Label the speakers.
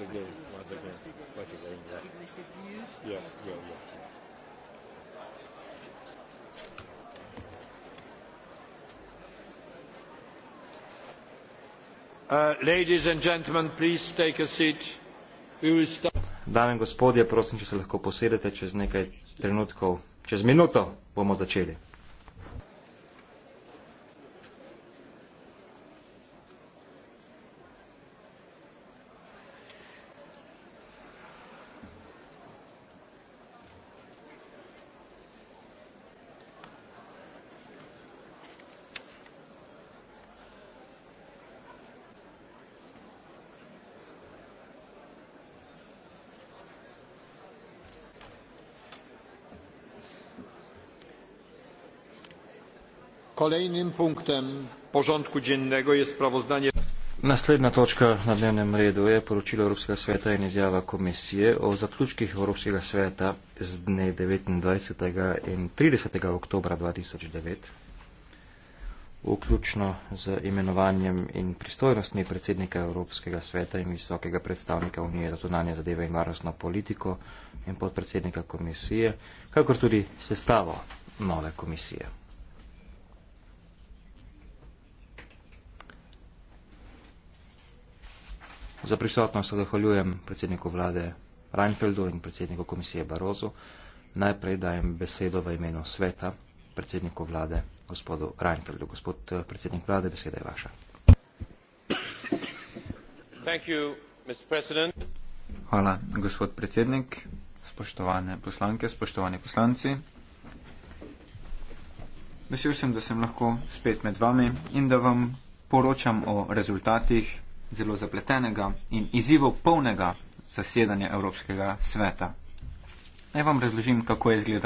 Speaker 1: once again, once again, once again, yeah. Yeah, yeah, yeah.
Speaker 2: Uh, Dame in gospodje, prosim, če se lahko posedete, čez nekaj trenutkov, čez minuto bomo začeli.
Speaker 1: kolejnym punktem porządku dziennego jest sprawozdanie
Speaker 2: Następna točka na dnevnem redu je poročilo Evropskega sveta in izjava komisije o zaključkih Evropskega sveta z dne 29. in 30. oktobra 2009, vključno z imenovanjem in pristojnostmi predsednika Evropskega sveta in visokega predstavnika Unije za zunanje zadeve in varnostno politiko in podpredsednika komisije, kakor tudi sestavo nove komisije. Za prisotnost zahvaljujem predsedniku vlade Reinfeldu in predsedniku komisije Barozu. Najprej dajem besedo v imenu sveta predsedniku vlade gospodu Reinfeldu. Gospod eh, predsednik vlade, beseda je vaša. Hvala, gospod predsednik, spoštovane
Speaker 1: poslanke, spoštovani poslanci. Vesel sem, da sem lahko spet med vami in da vam poročam o rezultatih zelo zapletenega in izzivov polnega zasedanja Evropskega sveta. Naj vam razložim, kako je izgledal.